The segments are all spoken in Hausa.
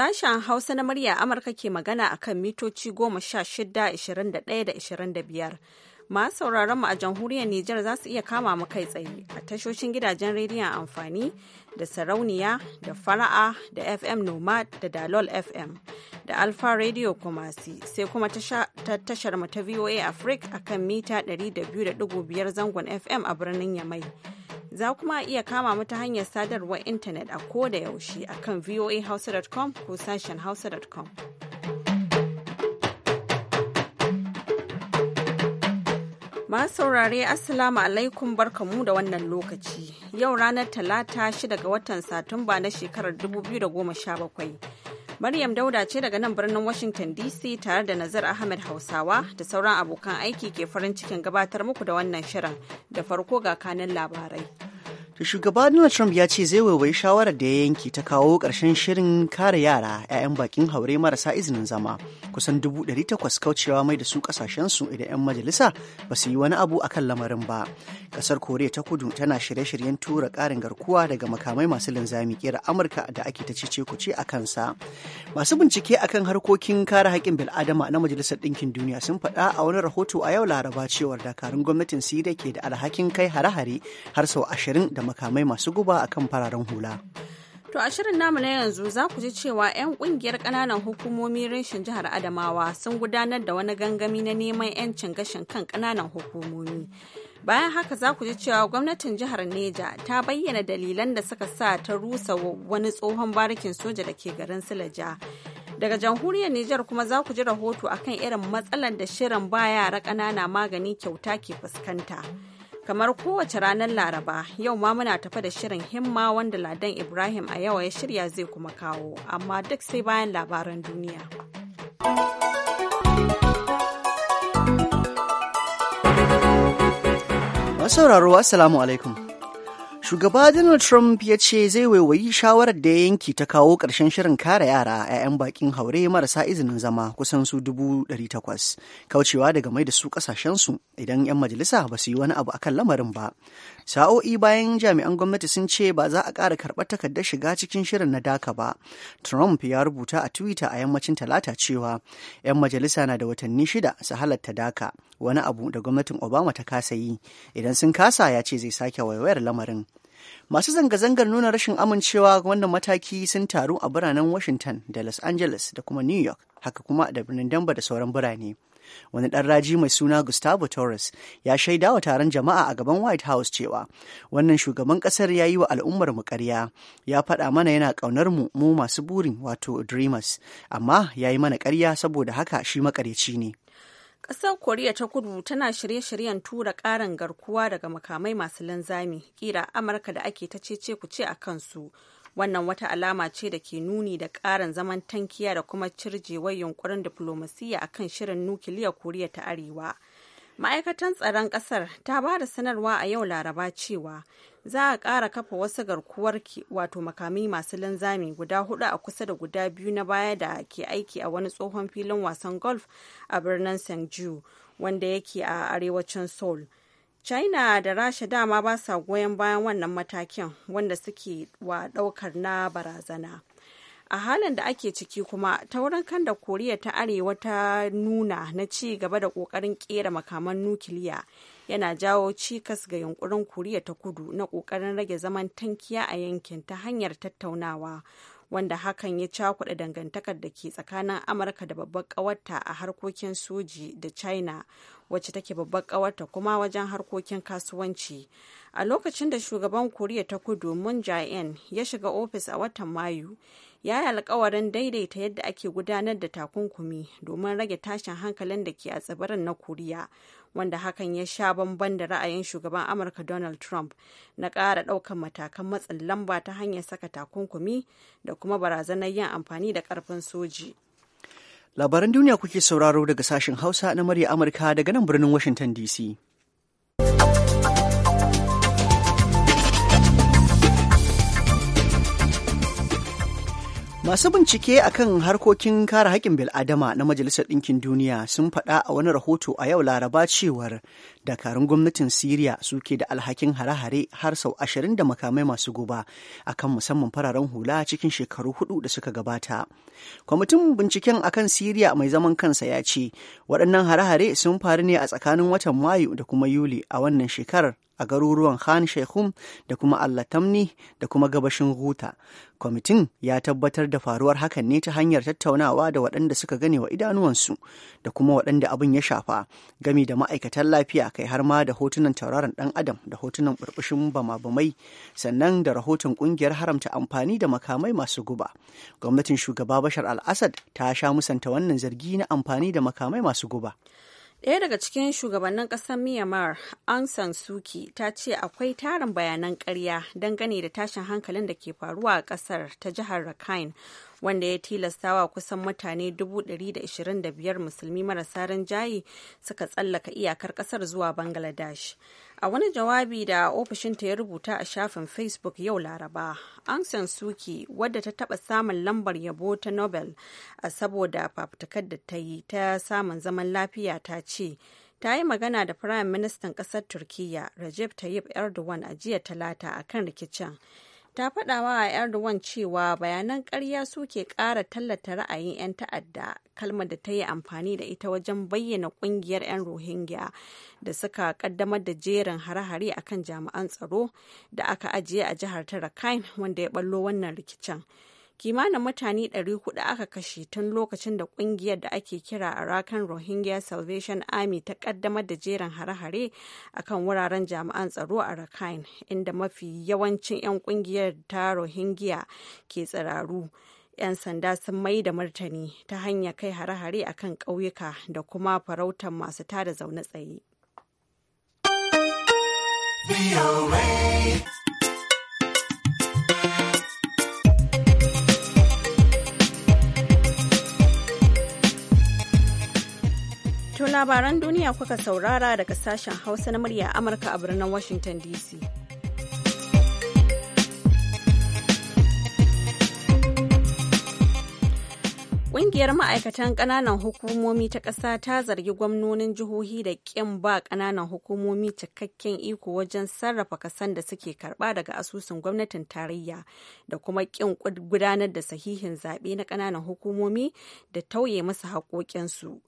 Sashen Hausa na murya Amurka ke magana a kan mitoci goma sha shida, ishirin da ɗaya da ishirin da biyar. Masu sauraron mu a jamhuriyar Nijar za su iya kama mu kai tsaye a tashoshin gidajen rediyon amfani da sarauniya da fara'a da FM Nomad da Dalol FM da Alfa Radio Kumasi sai kuma ta tashar mu ta VOA Africa kan mita 200.5 zangon FM a birnin Yamai. Za kuma iya kama mu ta hanyar sadarwar intanet a ko da yaushe a kan voahausa.com ko sashen hausa.com. Masu saurare Assalamu alaikum barkamu da wannan lokaci. Yau ranar Talata shida ga watan Satumba na shekarar 2017. Maryam Dauda ce daga nan birnin Washington DC tare da Nazar Ahmed Hausawa da sauran abokan aiki ke farin cikin gabatar muku da wannan shirin da farko ga kanin labarai. Shugaba Donald Trump ya ce zai waiwayi shawarar da ya yanke ta kawo ƙarshen shirin kare yara 'ya'yan bakin haure marasa izinin zama kusan dubu ɗari takwas kaucewa mai da su kasashensu idan 'yan majalisa ba su yi wani abu akan lamarin ba Ƙasar koriya ta kudu tana shirye-shiryen tura karin garkuwa daga makamai masu linzami ƙera amurka da ake ta cice kuce a kansa masu bincike akan harkokin kare haƙƙin bil'adama na majalisar ɗinkin duniya sun faɗa a wani rahoto a yau laraba cewa dakarun gwamnatin siriya ke da alhakin kai hare-hare har sau ashirin da makamai masu guba akan fararen hula. To a shirin namu na yanzu za ku ji cewa 'yan kungiyar ƙananan hukumomi rashin jihar Adamawa sun gudanar da wani gangami na neman 'yancin gashin kan ƙananan hukumomi. Bayan haka za ku ji cewa gwamnatin jihar Neja ta bayyana dalilan da suka sa ta rusa wani tsohon barikin soja da ke garin Silaja. Daga jamhuriyar Nijar kuma za ku ji rahoto akan irin matsalar da shirin ba yara ƙanana magani kyauta ke fuskanta. Kamar kowace ranar Laraba, yau ma muna tafa da shirin himma wanda Ladan Ibrahim a yawa ya shirya zai kuma kawo, amma duk sai bayan labaran duniya. Masauraro, Assalamu alaikum. Shugaba Donald Trump ya ce zai waiwayi shawarar da ya yanki ta kawo ƙarshen shirin kare yara a 'ya'yan bakin haure marasa izinin zama kusan su dubu takwas kaucewa daga mai da su ƙasashensu idan 'yan majalisa ba su yi wani abu akan lamarin ba. Sa'o'i bayan jami'an gwamnati sun ce ba za a kara karɓar takardar shiga cikin shirin na daka ba. Trump ya rubuta a Twitter a yammacin talata cewa 'yan majalisa na da watanni shida su halatta daka wani abu da gwamnatin Obama ta kasa yi idan sun kasa ya ce zai sake waiwayar lamarin. Masu zanga-zangar nuna rashin amincewa wannan mataki sun taru a biranen Washington da Los Angeles da kuma New York, haka kuma da birnin Denver da sauran birane. Wani ɗan raji mai suna Gustavo Torres ya shaida wa taron jama'a a gaban White House cewa wannan shugaban ƙasar ya yi wa al'ummar mu ƙarya, ya faɗa mana yana ƙaunar mu mu masu burin wato dreamers, amma ya yi mana ƙarya saboda haka shi maƙaryaci ne. Ƙasar Koriya ta kudu tana shirye-shiryen tura ƙarin garkuwa daga makamai masu linzami ƙira Amurka da ake ta cece ku ce a kansu. Wannan wata alama ce da ke nuni da ƙarin zaman tankiya da kuma cirjewar yunkurin diflomasiyya a kan shirin nukiliya Koriya ta Arewa. ma'aikatan tsaron kasar ta ba da sanarwa a yau laraba cewa za a ƙara kafa wasu garkuwar wato makami masu linzami guda hudu a kusa da guda biyu na baya da ke aiki a wani tsohon filin wasan golf a birnin st wanda yake a arewacin seoul china da rasha dama ba sa goyon bayan wannan matakin wanda suke wa daukar na barazana a halin da ake ciki kuma taurin kan da koriya ta arewa ta nuna na ci gaba da kokarin kera makaman nukiliya yana jawo cikas ga yunkurin koriya ta kudu na kokarin rage zaman tankiya a yankin ta hanyar tattaunawa wanda hakan ya cakuɗa dangantakar da ke tsakanin amurka da babbar ƙawarta a harkokin soji da china wacce take babbar ƙawarta kuma wajen harkokin kasuwanci a lokacin da shugaban koriya ta kudu moon jae ya shiga ofis a watan mayu ya yi alkawarin daidaita yadda ake gudanar da takunkumi domin rage tashin hankalin da ke a tsibirin na koriya wanda hakan ya sha bamban da ra'ayin shugaban amurka donald trump na ƙara ɗaukan matakan matsin lamba ta hanyar saka takunkumi da kuma barazanar yin amfani da karfin soji labaran duniya kuke sauraro daga sashen hausa na murya amurka daga nan birnin washington dc Masu bincike a kan harkokin kare haƙƙin bil'adama na Majalisar Ɗinkin Duniya sun faɗa a wani rahoto a yau Laraba cewar dakarun gwamnatin siriya suke da alhakin hare-hare har sau ashirin da makamai masu guba kan musamman fararen hula cikin shekaru hudu da suka gabata kwamitin binciken akan siriya mai zaman kansa ya ce waɗannan hare-hare sun faru ne a tsakanin watan mayu da kuma yuli a wannan shekarar a garuruwan Khan Sheikhum da kuma Allatamni da kuma gabashin Guta. Kwamitin ya tabbatar da faruwar hakan ne ta hanyar tattaunawa da waɗanda suka gane wa idanuwansu da kuma waɗanda abin ya shafa gami da ma'aikatan lafiya kai har ma da hotunan tauraron dan adam da hotunan burbushin bama-bamai sannan da rahoton kungiyar haramta amfani da makamai masu guba gwamnatin shugaba bashar al-assad ta sha musanta wannan zargi na amfani da makamai masu guba Ɗaya daga cikin shugabannin ƙasar Myanmar, Aung San Suu Kyi, ta ce akwai tarin bayanan ƙarya dangane da tashin hankalin da ke faruwa a ƙasar ta jihar Rakhine, wanda ya tilastawa kusan mutane 125 musulmi marasa rinjaye suka tsallaka iyakar kasar zuwa bangladesh a wani jawabi da ofishinta ya rubuta a shafin facebook yau laraba an san suki wadda ta taba samun lambar yabo ta nobel a saboda fafutukar da ta yi ta samun zaman lafiya ta ce ta yi magana da firayim ministan kasar turkiyya rajab tayyip erdogan a jiya talata akan rikicin ta faɗa wa Erdogan cewa bayanan ƙarya suke ƙara tallata ra'ayin 'yan ta'adda kalmar da ta yi amfani da ita wajen bayyana ƙungiyar 'yan Rohingya da suka ƙaddamar da jerin hare-hare akan jami'an tsaro da aka ajiye a jihar ta wanda ya ɓallo wannan rikicin. kimanin mutane 400 aka kashe tun lokacin da kungiyar da ake kira Arakan Rohingya Salvation Army ta kaddamar da jerin hare-hare akan wuraren jami'an tsaro a Rakhine inda mafi yawancin 'yan kungiyar ta Rohingya ke tsiraru. 'yan sanda sun mai da martani ta hanyar kai hare-hare akan ƙauyuka da kuma farautar masu tada zaune tsaye. To labaran duniya kuka saurara daga sashen Hausa na murya Amurka a birnin Washington DC. Ƙungiyar ma'aikatan ƙananan hukumomi ta ƙasa ta zargi gwamnonin jihohi da ƙin ba ƙananan hukumomi cikakken iko wajen sarrafa kasan da suke karɓa daga asusun gwamnatin tarayya da kuma ƙin gudanar da sahihin zaɓe na ƙananan hukumomi da tauye masu haƙoƙinsu.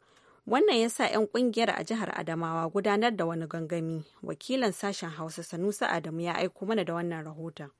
Wannan ya sa 'yan kungiyar a jihar Adamawa gudanar da wani gangami. Wakilan sashen Hausa sanusa Adamu ya aiko mana da wannan rahoton.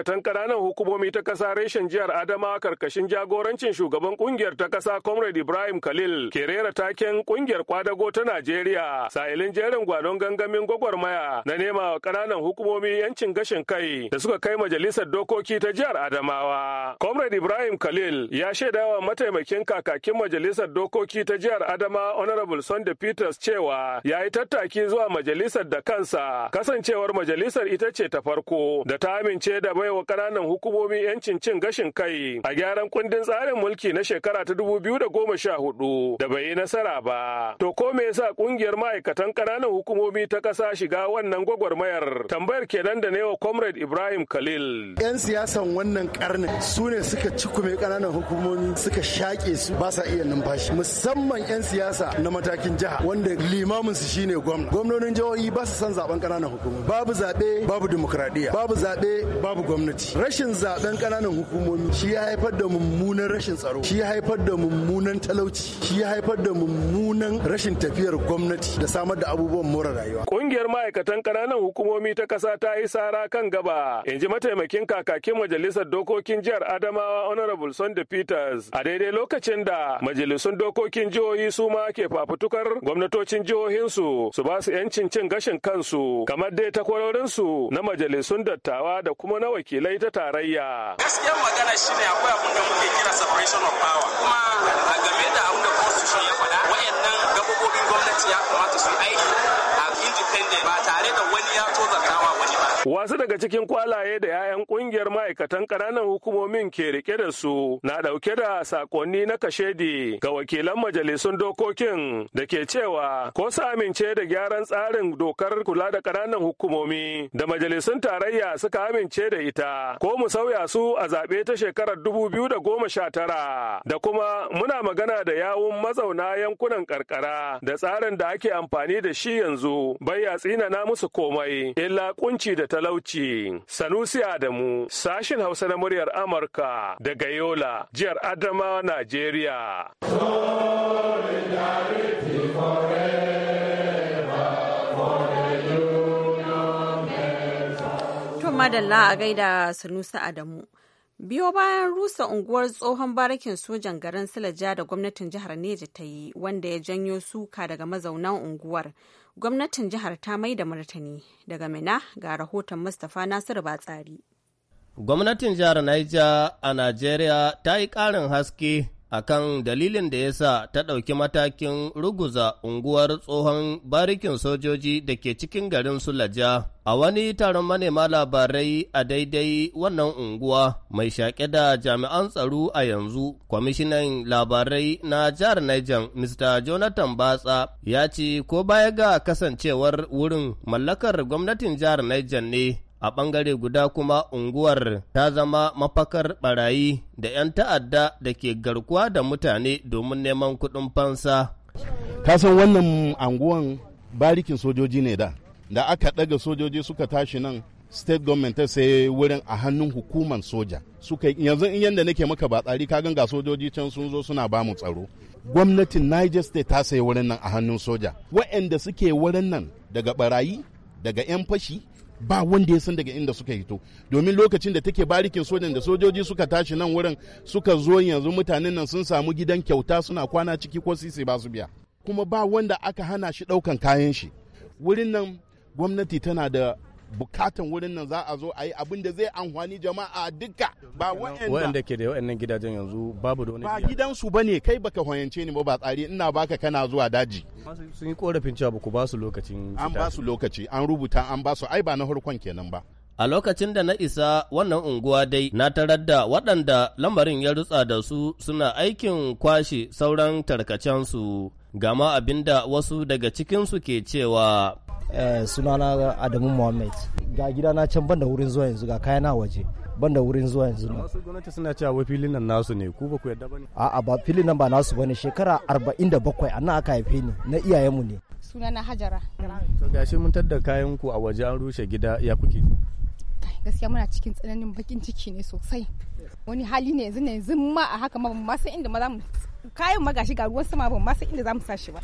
ma'aikatan ƙananan hukumomi ta kasa reshen jihar Adama karkashin jagorancin shugaban ƙungiyar ta kasa Comrade Ibrahim Khalil ke rera taken ƙungiyar kwadago ta Najeriya sa'ilin jerin gwanon gangamin gwagwarmaya na nema wa ƙananan hukumomi yancin gashin kai da suka kai majalisar dokoki ta jihar Adamawa. Comrade Ibrahim Khalil ya shaida wa mataimakin kakakin majalisar dokoki ta jihar Adama Honorable Sunday Peters cewa ya yi tattaki zuwa majalisar da kansa kasancewar majalisar ita ce ta farko da ta amince da bai wa ƙananan hukumomi 'yancin cin gashin kai a gyaran kundin tsarin mulki na shekara ta dubu biyu da goma sha hudu da bai yi nasara ba. To ko me yasa ƙungiyar ma'aikatan ƙananan hukumomi ta ƙasa shiga wannan gwagwarmayar? Tambayar kenan da ne wa Comrade Ibrahim Khalil. 'Yan siyasan wannan karni su ne suka cikume ƙananan hukumomi suka shaƙe su ba sa iya numfashi musamman 'yan siyasa na matakin jiha wanda limamin su shine gwamna. Gwamnonin jihohi ba su san zaben ƙananan hukumomi. Babu zaɓe babu dimokuraɗiyya babu zaɓe babu gwamna. gwamnati rashin zaben kananan hukumomi shi ya haifar da mummunan rashin tsaro shi ya haifar da mummunan talauci shi ya haifar da mummunan rashin tafiyar gwamnati da samar da abubuwan more rayuwa kungiyar ma'aikatan kananan hukumomi ta kasa ta yi sara kan gaba in ji mataimakin kakakin majalisar dokokin jihar adamawa honorable sunday peters a daidai lokacin da majalisun dokokin jihohi su ma ke fafutukar gwamnatocin jihohinsu su ba su 'yancin cin gashin kansu kamar dai takwarorinsu na majalisun dattawa da kuma na wakilai wakilai ta tarayya. Gaskiyar magana shi ne akwai abin da muke kira separation of power kuma a game da abin da constitution ya faɗa wayannan gabobin gwamnati ya kamata su aiki kai ne ba tare da wani ya zartawa wani ba. Wasu daga cikin kwalaye da 'ya'yan ƙungiyar ma'aikatan ƙananan hukumomin ke rike da su na ɗauke da sakonni na kashedi ga wakilan majalisun dokokin da ke cewa ko su amince da gyaran tsarin dokar kula da ƙananan hukumomi da majalisun tarayya suka amince da ita ko mu sauya su a zaɓe ta shekarar dubu biyu da goma sha tara da kuma muna magana da yawun mazauna yankunan karkara da tsarin da ake amfani da shi yanzu bai sai tsina tsinana musu komai illa kunci da talauci sanusi adamu sashin hausa na muryar amurka daga yola jihar adamawa najeriya madalla a gaida sanusi adamu biyo bayan rusa unguwar tsohon barikin sojan garin silaja da gwamnatin jihar neja ta yi wanda ya janyo suka daga mazaunan unguwar gwamnatin jihar ta mai da martani daga mina ga rahoton mustapha nasiru batsari gwamnatin jihar Niger a najeriya ta yi ƙarin haske a kan dalilin da ya sa ta ɗauki matakin ruguza unguwar tsohon barikin sojoji da ke cikin garin Sulaja. A wani taron manema labarai a daidai wannan unguwa mai shaƙe da jami'an tsaro a yanzu, kwamishinan labarai na jihar Niger, Mr. Jonathan Batsa, ya ce ko baya ga kasancewar wurin mallakar gwamnatin jihar Niger ne a ɓangare guda kuma unguwar ta zama mafakar barayi da 'yan ta'adda da ke garkuwa da mutane domin neman kuɗin fansa. ka san wannan anguwan barikin sojoji ne da da aka ɗaga sojoji suka tashi nan state government ta sai wurin a hannun hukuman soja suka yanzu in yadda nake maka ba tsari ka ga sojoji can sun zo suna ba mu tsaro gwamnatin niger state ta sai wurin nan a hannun soja wa'anda suke wurin nan daga barayi daga 'yan fashi ba wanda ya san daga inda suka hito domin lokacin da take barikin sojan da sojoji suka tashi nan wurin suka zo yanzu mutanen nan sun samu gidan kyauta suna kwana ciki ko sisi ba su biya kuma ba wanda aka hana shi ɗaukan kayan shi wurin nan gwamnati tana da bukatan wurin nan za a zo a yi abin da zai amfani jama'a duka ba waɗanda ke da waɗannan gidajen yanzu babu da wani ba gidansu ba ne kai baka hoyance ni ba ba tsari ina baka kana zuwa daji sun yi korafin cewa ku ba su lokacin an ba su lokaci an rubuta an ba su ai ba na harkon kenan ba a lokacin da na isa wannan unguwa dai na tarar da waɗanda lamarin ya rutsa da su suna aikin kwashe sauran tarkacensu gama abinda wasu daga cikinsu ke cewa Eh, sunana Adamu mohammed Ga gida na can banda wurin zuwa yanzu ga kaya na waje banda wurin zuwa yanzu. na wasu gwamnati suna cewa wai filin nan nasu ne ku ba ku yadda bane. A'a ba filin nan ba nasu bane shekara 47 anan aka haife ni na mu ne. Sunana Hajara. To gashi mun tadda kayan ku a waje an rushe gida ya kuke. gaskiya muna cikin tsananin bakin ciki ne sosai wani hali ne yanzu ne yanzu ma a haka ma ba mu san inda ma za mu kayan ma gashi ga ruwan sama ba ma san inda za mu sa shi ba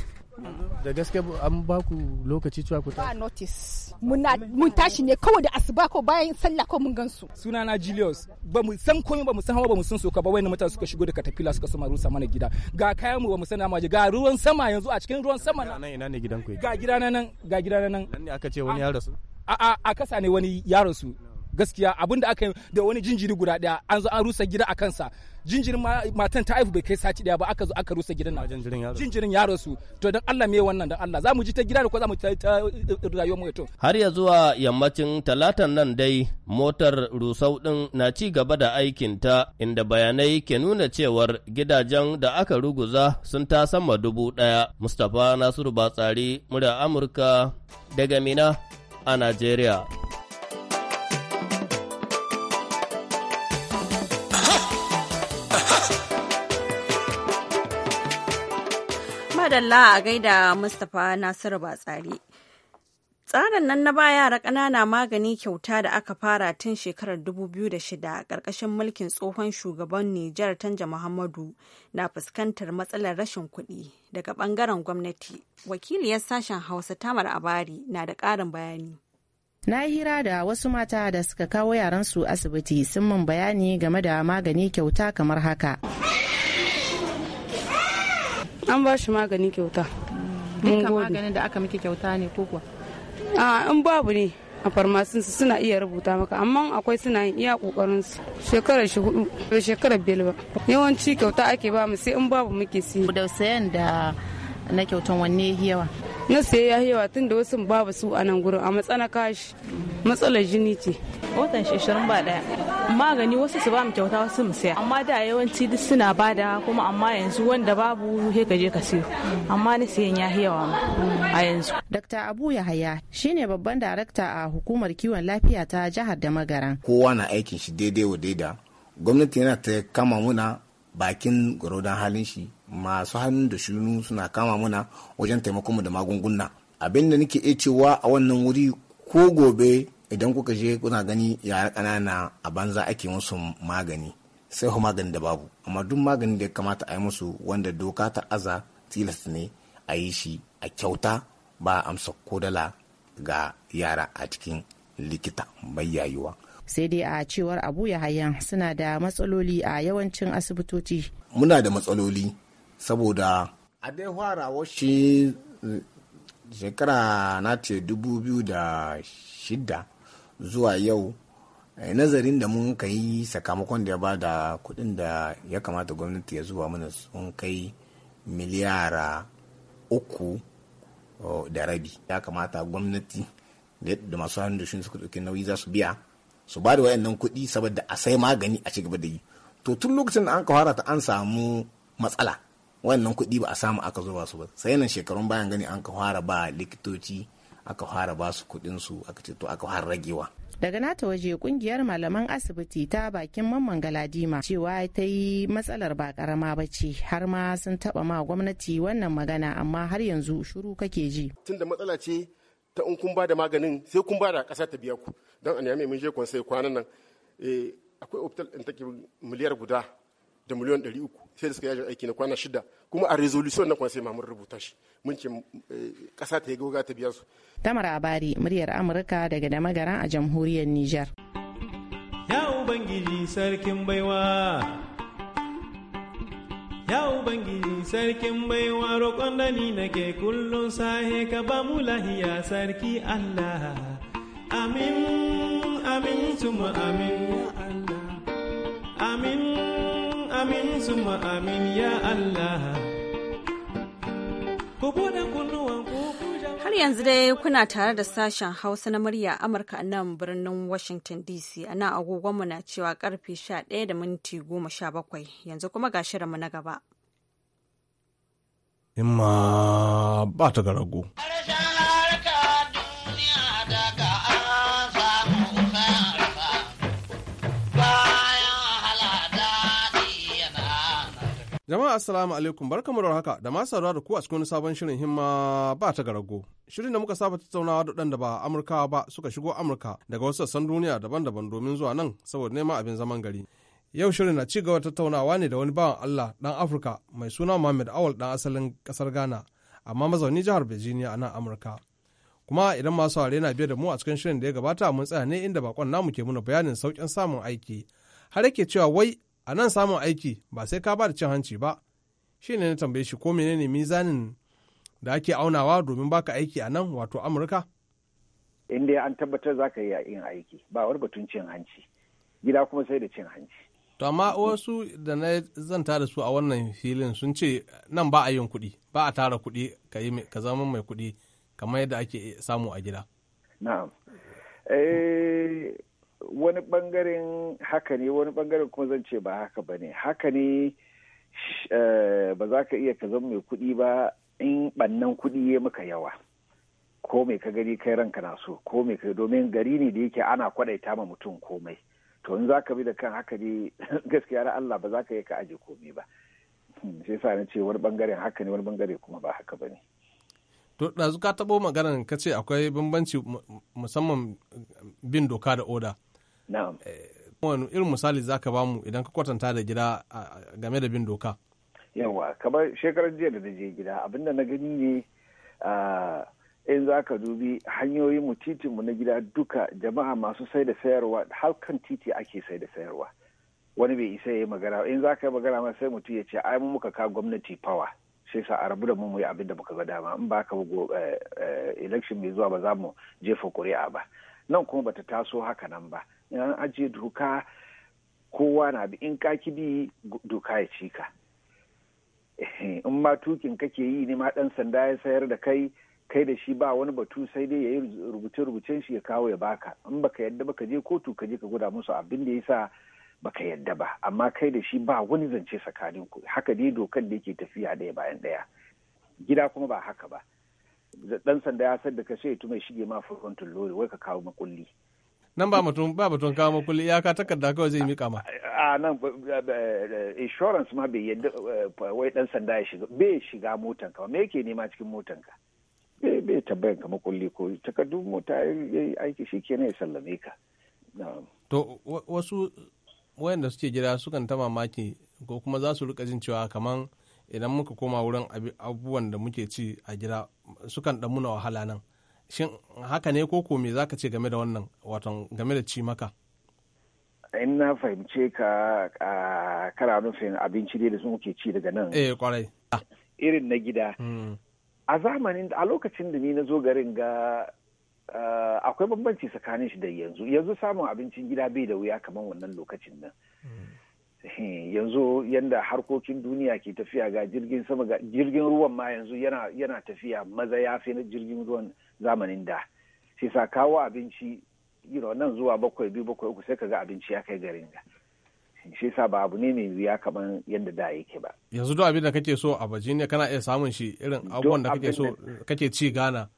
da gaske an ba ku lokaci cewa ku ta ba notice muna mun tashi ne kawai da asuba ko bayan sallah ko mun gansu suna na Julius ba mu san komai ba mu san hawa ba mu san soka ba wayannan mutane suka shigo da katafila suka sama rusa mana gida ga kayan mu ba mu san ma ga ruwan sama yanzu a cikin ruwan sama nan ina ne gidan ku ga gidana nan ga gidana nan nan ne aka ce wani ya rasu a a a kasa ne wani ya rasu gaskiya abin da aka yi da wani jinjiri guda daya an zo an rusa gida a kansa jinjirin matan ta haifu bai kai sati daya ba aka zo aka rusa gidan jinjirin ya rasu to dan Allah me wannan dan Allah zamu ji ta gida da ko zamu ta rayuwar mu to har ya zuwa yammacin talatan nan dai motar rusau din na ci gaba da aikin ta inda bayanai ke nuna cewar gidajen da aka ruguza sun ta sama dubu daya mustafa Nasiru Batsari murya Amurka daga Mina a Najeriya. adalla a gaida Mustapha Nasiru Batsari. Tsarin nan na ba yara ƙanana magani kyauta da aka fara tun shekarar 2006 ƙarƙashin mulkin tsohon shugaban Nijar Tanja Muhammadu na fuskantar matsalar rashin kuɗi daga ɓangaren gwamnati. Wakiliyar sashen Hausa Tamar Abari na da ƙarin bayani. Na hira da wasu mata da suka kawo yaransu asibiti sun mun bayani game da magani kyauta kamar haka. an ba shi magani kyauta dukkan maganin da aka miki kyauta ne ko kuwa a in babu ne a farmasin su suna iya rubuta maka amma akwai suna yin iya kokarin su shekarar shi hudu da shekarar biyar ba yawanci kyauta ake ba mu sai in babu muke si da sayan da na kyautan wanne yawa na siya ya yawa tun da wasu babu su a nan gurin a matsana kashi matsalar jini ce watan shi ba daya magani wasu su ba mu kyauta wasu mu siya amma da yawanci duk suna bada kuma amma yanzu wanda babu he ka je ka siyo amma na siyan ya yawa a yanzu Dr. Abu Yahaya shine babban darakta a hukumar kiwon lafiya ta jihar da magaran kowa na aikin shi daidai wa daida gwamnati yana ta kama muna bakin gwaraudan halin shi masu hannu da shunu suna kama muna wajen taimakonmu da magunguna abin da nake cewa a wannan wuri ko gobe idan kuka je kuna gani yara ƙanana a banza ake musu magani sai ho magani da babu amma duk magani da ya kamata a yi musu wanda doka ta aza tilas ne a yi shi a kyauta ba amsa ko dala ga yara a cikin likita bayyayuwa sai dai a cewar abu hayan suna da matsaloli a yawancin asibitoci muna da matsaloli saboda a dai fara shi shekara na ce shida zuwa yau eh, nazarin da mun ka sakamakon da ya ba da kudin da ya kamata gwamnati ya zuwa mana sun kai miliyara uku oh, da rabi ya kamata gwamnati da masu hannun da shi suka nauyi za su biya su ba da wayannan kuɗi saboda a sai magani a cigaba da yi to tun lokacin da an ka fara ta an samu matsala wannan kuɗi ba a samu aka zo ba su ba sai nan shekarun bayan gani an ka fara ba likitoci aka fara ba su kuɗin su aka ce to aka fara ragewa daga nata waje kungiyar malaman asibiti ta bakin mamman galadima cewa ta yi matsalar ba karama ba ce har ma sun taba ma gwamnati wannan magana amma har yanzu shuru kake ji tunda matsala ce ta in kun ba da maganin sai kun ba da ƙasa ta biya ku don a nemi mun je sai kwanan nan eh, akwai optal ɗin take miliyar guda da miliyan ɗari uku sai da suka yajin aiki na kwana shida kuma a resolution na kwansai ma mun rubuta shi mun ce eh, ƙasa ta yi goga ta biya su. Tamar Abari muryar Amurka daga Damagaran a jamhuriyar niger. Ya Ubangiji sarkin baiwa. Ya Ubangiji sarkin baiwa roƙon da ni nake kullum sahe ka ba mu lahiya sarki Allah. Amin, amin, suma amin ya Allah. Amin, amin, suma amin ya Allah. Ku bude kunnuwan ku. Har yanzu dai kuna tare da sashen Hausa na murya Amurka a nan birnin Washington DC a nan agogonmu na cewa karfe ɗaya da minti goma sha bakwai, yanzu kuma ga shirinmu na gaba. Imma ba ta ga rago. Jama'a assalamu alaikum barkamu da haka da masu saduwa da ku a cikin wani sabon shirin himma ba ta garago. Shirin da muka saba tattaunawa da waɗanda ba Amurkawa ba suka shigo Amurka daga wasu sassan duniya daban-daban domin zuwa nan saboda neman abin zaman gari. Yau shirin na ci gaba tattaunawa ne da wani bawan Allah ɗan Afirka mai suna Muhammad Awal dan asalin kasar Ghana amma mazauni jihar Virginia a nan Amurka. Kuma idan masu saurare na biye da mu a cikin shirin da ya gabata mun tsaya ne inda bakon namu ke muna bayanin saukin samun aiki har yake cewa wai a nan samun aiki ba sai ka ba da cin hanci ba shi ne na tambaye shi ko menene mizanin da ake aunawa domin baka aiki a nan wato amurka in dai an tabbatar za ka yi yin aiki ba wani batun cin hanci gida kuma sai da cin hanci to amma wasu da na zanta da su a wannan filin sun ce nan ba a yin kuɗi ba a tara kuɗi ka zama mai kuɗi kamar yadda ake samu a gida eh, wani bangaren haka ne wani bangaren kuma zan ce ba haka ba ne haka ne eh, ba za ka iya ka zama mai kuɗi ba in bannan kuɗi ya maka yawa ko mai ka gani kai ranka na so ko mai ka domin gari ne da yake ana kwaɗaita ma mutum komai to in za ka bi da kan haka ne gaskiya na Allah ba za ka yi ka aje komai ba hmm, shi yasa na ce wani bangaren haka ne wani bangare kuma ba haka ba ne. to ɗazu ka taɓo maganar ka ce akwai bambanci musamman bin doka da oda na'am wani eh, irin misali za ka bamu idan ka kwatanta da gida game da bin doka yawa kamar shekarar jiya da je gida abinda na gani ne in za ka dubi hanyoyin mu titin na gida duka jama'a masu sai da sayarwa har kan titi ake sai da sayarwa wani bai isa ya yi magana in za ka yi magana ma sai mutum ya ce ai mu muka ka gwamnati power sai sa a rabu da mu muyi yi abin da muka ga dama in ba ka eh, eh, election mai zuwa ba za mu jefa kuri'a ba nan kuma bata taso haka nan ba an ajiye doka kowa na bi in ka ki bi doka ya ci ka in ma tukin kake yi ne ma dan sanda ya sayar da kai kai da shi ba wani batu sai dai ya yi rubuce-rubucen shi ya kawo ya baka in baka yadda ka je kotu ka je ka guda musu abin da ya sa baka yadda ba amma kai da shi ba wani zance tsakanin ku haka dai dokar da yake tafiya daya bayan daya gida kuma ba haka ba dan sanda ya sadda ka sai ya tuma shige ma furfantun lori wai ka kawo makulli nan ba mutum ba mutum kawo makulli iyaka takarda kawai zai mika ma a nan insurance ma bai yadda eh, wai dan sanda ya shiga bai shiga motan ka me yake nema cikin motan ka bai bai tabbayan ka makulli ko takardun mota yayi aiki shikenan ya sallame ka to wasu wayanda suke gida sukan ta mamaki ko kuma za su rika jin cewa kaman idan muka koma wurin abubuwan da muke ci a gida sukan dan muna wahala nan shin haka ne ko me za ka ce game da wannan watan game da ci maka in na fahimce ka kara nufin abinci ne da sun ke ci daga nan eh kwarai ah. irin na gida hmm. a zamanin a lokacin da ni na zo garin ga akwai bambanci tsakanin shi da yanzu yanzu samun abincin gida bai da wuya kamar wannan lokacin nan hmm. yanzu yadda harkokin duniya ke tafiya ga jirgin sama ga jirgin ruwan ma yanzu yana tafiya maza ya fi na jirgin ruwan zamanin da sai sa kawo abinci you nan zuwa bakwai biyu bakwai uku sai ka ga abinci ya kai garin da shi sa ba abu ne mai wuya kamar yadda da yake ba yanzu duk abin da kake so a Virginia kana iya samun shi irin abubuwan da kake so kake ci Ghana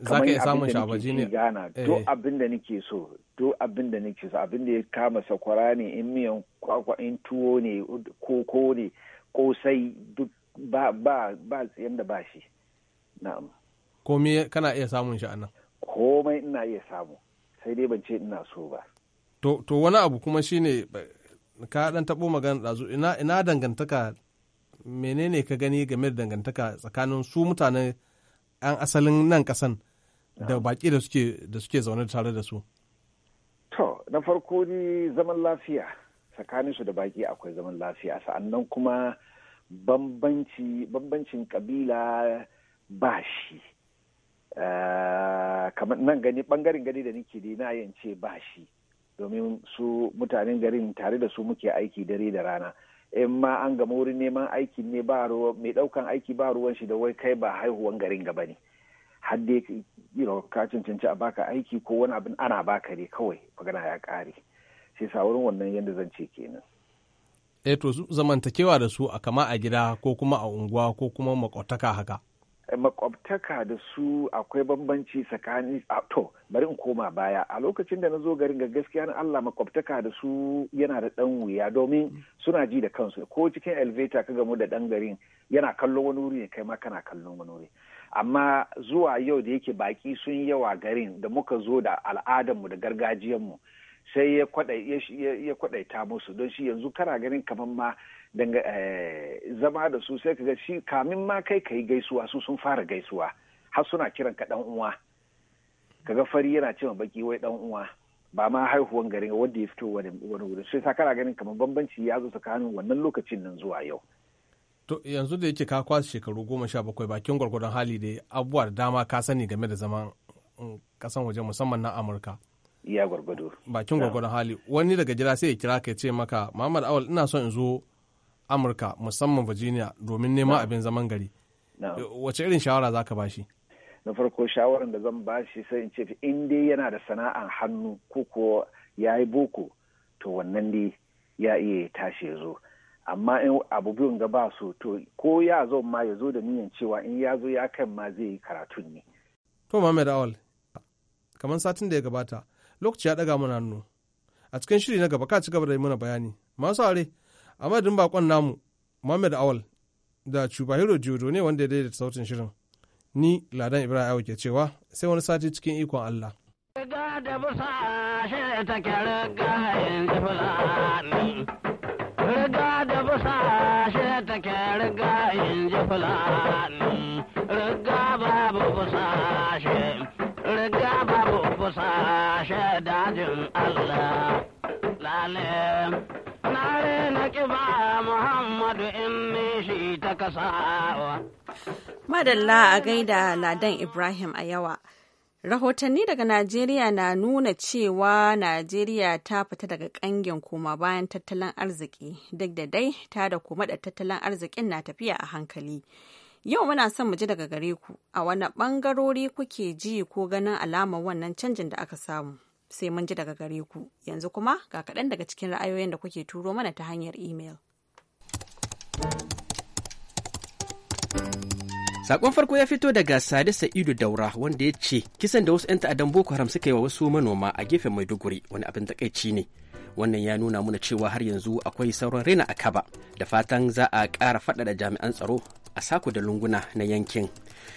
za ka iya samun shi a Virginia Ghana eh. duk abin da nake so duk abin da nake so abin da ya kama sakwara ne in miyan kwakwa in tuwo ne koko ne kosai duk ba ba ba yanda ba shi na'am komai kana iya samun shi anan komai ina iya samu sai dai ban ce ina so ba to to wani abu kuma shine ka dan tabo magana dazu ina ina dangantaka menene ka gani game da dangantaka tsakanin su mutanen an asalin nan kasan da baki da suke da suke zaune tare da su to na farko ni zaman lafiya tsakanin su da baki akwai zaman lafiya sa'annan kuma bambanci bambancin kabila ba shi Eh, kamar nan gani bangaren gani da nake dai na yance ba shi domin su mutanen garin tare da su muke aiki dare da rana in ma an gama wurin neman aiki ne ba ruwa mai daukan aiki ba ruwan shi da wai kai ba haihuwan garin gaba ne har dai ka cancanci a baka aiki ko wani abin ana baka ne kawai magana ya kare sai sa wurin wannan yadda zan ce kenan eh to zamantakewa da su a kama a gida ko kuma a unguwa ko kuma makwataka haka makwabtaka da su akwai bambanci tsakanin to bari in koma baya a lokacin da na zo garin ga gaskiya na Allah makwabtaka da su yana da dan wuya domin suna ji da kansu ko cikin elevator ka gamu da dan garin yana kallon wani wuri ne kai ma kana kallon wani wuri amma zuwa yau da yake baki sun yawa garin da muka zo da al'adarmu da gargajiyanmu sai ya kwadaita musu don shi yanzu kana ganin kamar ma Eh, zama da su sai ka shi kamin ma kai ka yi gaisuwa su sun fara gaisuwa har suna kiran ka dan uwa kaga fari yana cewa baki wai dan uwa ba ma haihuwan garin wanda ya fito wani wuri sai ta kana ganin kamar bambanci ya zo tsakanin wannan lokacin nan zuwa yau to yanzu da yake ka kwasa shekaru goma sha bakwai bakin gwargwadon hali da abubuwa da dama ka sani game da zaman kasan mm, waje musamman na amurka iya gwargwado bakin gwargwadon hali wani daga gida sai ya kira ka ce maka muhammad awal ina son in zo amurka musamman virginia domin nema abin zaman gari wace irin shawara za ka ba shi na farko shawarar da zan ba shi sai in ce in dai yana da sana'an hannu ko kuwa ya yi boko to wannan dai ya iya tashi ya zo amma in abubuwan gaba ga su to ko ya zo ma ya zo da niyan cewa in ya zo ya kan ma zai yi karatun ne. To Muhammad Awal, kamar satin da ya gabata, lokaci ya ɗaga mana hannu. A cikin shiri na gaba ka ci gaba da yi mana bayani. Masu aure a madadin bakon namu Muhammad Awal da Chubahiro Jodo ne wanda ya daidaita sautin shirin. Ni Ladan Ibrahim ke cewa sai wani sati cikin ikon Allah. Riga da busa shi take riga in ji Riga da busa shi take riga in ji fulani. Riga babu busa shi. Riga babu busa shi dajin Allah. Lalim. kiba Muhammadu in shi ta kasa. Madalla a gaida Ladan Ibrahim a yawa. Rahotanni daga Najeriya na nuna cewa Najeriya ta fita daga ƙangin koma bayan tattalin arziki, duk da dai ta da kuma da tattalin arzikin na tafiya a hankali. Yau muna son mu ji daga gare ku, a wani ɓangarori kuke ji ko ganin alamar wannan canjin da aka samu. sai mun ji daga gare ku yanzu kuma ga kaɗan daga cikin ra'ayoyin da kuke turo mana ta hanyar imel. Sakon farko ya fito daga Sade Sa'idu Daura wanda ya ce kisan da wasu 'yan ta'addan Boko Haram suka yi wa wasu manoma a gefen Maiduguri wani abin takaici ne. Wannan ya nuna muna cewa har yanzu akwai sauran rena a kaba da fatan za a ƙara faɗaɗa jami'an tsaro a sako da lunguna na yankin.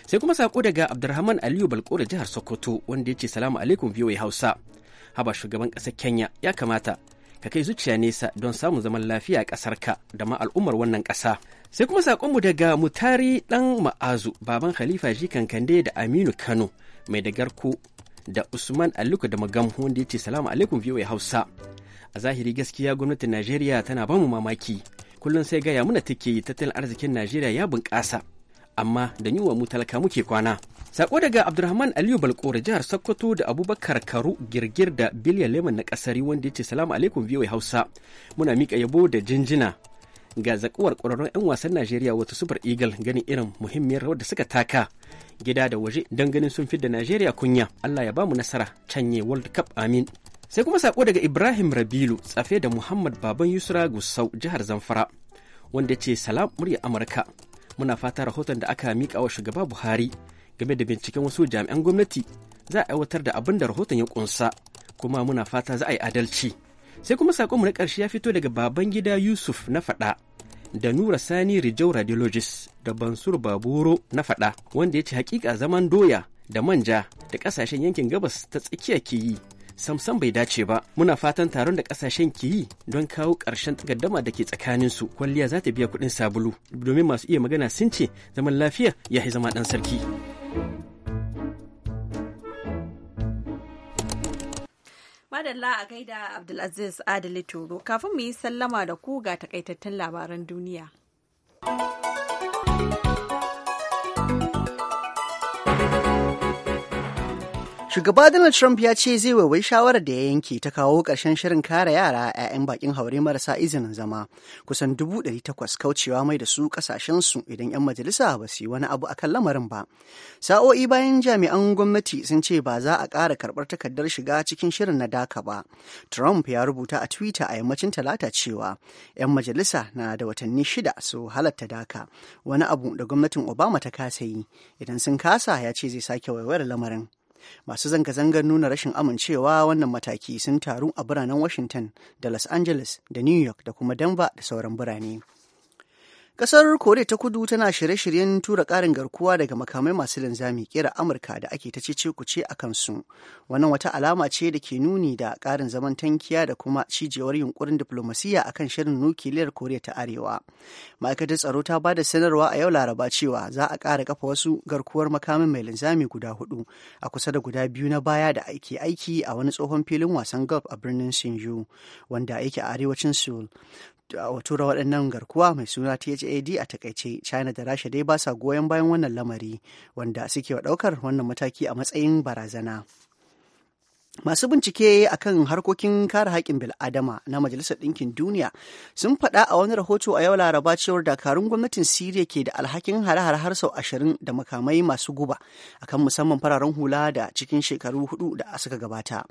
Sai kuma sako daga Abdulrahman Aliyu Balko da jihar Sokoto wanda ya ce salamu alaikum VOA Hausa. haba shugaban ƙasar kenya ya kamata ka kai zuciya nesa don samun zaman lafiya a ƙasar ka da ma al'ummar wannan ƙasa sai kuma saƙonmu daga mutari ɗan ma'azu baban khalifa jikan kande da aminu kano mai da garko da usman aliko da magam wanda ya ce salamu alaikum ya hausa a zahiri gaskiya gwamnatin najeriya tana bamu mamaki kullum sai gaya muna take tattalin arzikin najeriya ya bunƙasa amma da yiwa mu talaka muke kwana. Sako daga Abdulrahman Aliyu Balkore jihar Sokoto da Abubakar Karu girgir da Biliyan Leman na kasari wanda ya ce salamu alaikum biyu Hausa. Muna mika yabo da jinjina ga zakuwar ƙwararrun 'yan wasan Najeriya wata Super Eagle ganin irin muhimmiyar rawar da suka taka gida da waje don ganin sun da Najeriya kunya. Allah ya bamu nasara canye World Cup amin. Sai kuma sako daga Ibrahim Rabilu tsafe da Muhammad Baban Yusra Gusau jihar Zamfara wanda ce salam murya Amurka muna fata rahoton da aka mika wa shugaba buhari game da binciken wasu jami'an gwamnati za a aiwatar da abin da rahoton ya kunsa kuma muna fata za a yi adalci sai kuma sakonmu na ƙarshe ya fito daga baban gida yusuf na faɗa da nura sani rijau radiologist da bansur baburo na faɗa wanda ya ce hakika zaman doya da manja da ƙasashen yankin gabas ta tsakiya ke yi samsam bai dace ba muna fatan taron da kasashen ke yi don kawo ƙarshen takaddama da ke tsakanin su kwalliya za ta biya kuɗin sabulu domin masu iya magana sun ce zaman lafiya ya zama ɗan sarki. Madalla a gaida Abdulaziz Adali Toro kafin mu yi sallama da ku ga takaitattun labaran duniya. Shugaba Donald Trump ya ce zai waiwai shawarar da ya yanke ta kawo ƙarshen shirin kare yara a 'ya'yan bakin haure marasa izinin zama kusan dubu ɗari takwas kaucewa mai da su su idan 'yan majalisa ba su yi wani abu akan lamarin ba. Sa'o'i bayan jami'an gwamnati sun ce ba za a ƙara karɓar takardar shiga cikin shirin na daka ba. Trump ya rubuta a Twitter a yammacin talata cewa 'yan majalisa na da watanni shida su halatta daka wani abu da gwamnatin Obama ta kasa yi idan sun kasa ya ce zai sake waiwayar lamarin. masu zanga-zangar nuna rashin amincewa wannan mataki sun taru a biranen washington da los angeles da new york da kuma denver da sauran birane Ƙasar Koriya ta Kudu tana shirye-shiryen tura ƙarin garkuwa daga makamai masu linzami kera Amurka da ake ta cece kuce a kansu. Wannan wata alama ce da ke nuni da ƙarin zaman tankiya da kuma cijewar yunkurin a kan shirin nukiliyar Koriya ta Arewa. Ma'aikatar tsaro ta ba da sanarwa a yau Laraba cewa za a ƙara kafa wasu garkuwar makamai mai linzami guda hudu a kusa da guda biyu na baya da ake aiki a wani tsohon filin wasan golf a birnin Sinju wanda yake a arewacin Seoul. tura waɗannan garkuwa mai suna THAD a takaice China da Rasha dai ba sa goyon bayan wannan lamari wanda suke ɗaukar wannan mataki a matsayin barazana. Masu bincike a kan harkokin kare haƙƙin bil'adama na Majalisar Ɗinkin Duniya sun faɗa a wani rahoto a yau Laraba cewar dakarun gwamnatin Siriya ke da alhakin hare-hare har sau ashirin da makamai masu guba akan musamman fararen hula da cikin shekaru hudu da suka gabata.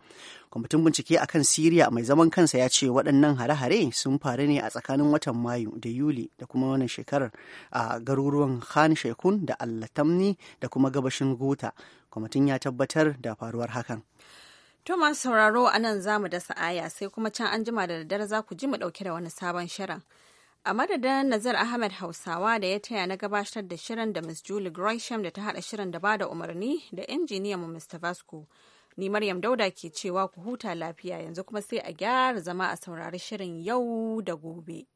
Kwamitin bincike a kan Siriya mai zaman kansa ya ce waɗannan hare-hare sun faru ne a tsakanin watan Mayu da Yuli da kuma wannan shekarar a garuruwan Khan Shekun da Allatamni da kuma gabashin Gota. Kwamitin ya tabbatar da faruwar hakan. To masu sauraro a nan za mu dasa aya sai kuma can an jima da daddare za ku ji mu ɗauke da wani sabon shirin. A madadin Nazar Ahmed Hausawa da ya taya na gabatar da shirin da ms Julie Gresham da ta haɗa shirin da ba da umarni da injiniyanmu Mr. Vasco. Ni Maryam Dauda ke cewa ku huta lafiya yanzu kuma sai a gyara zama a saurari shirin yau da gobe.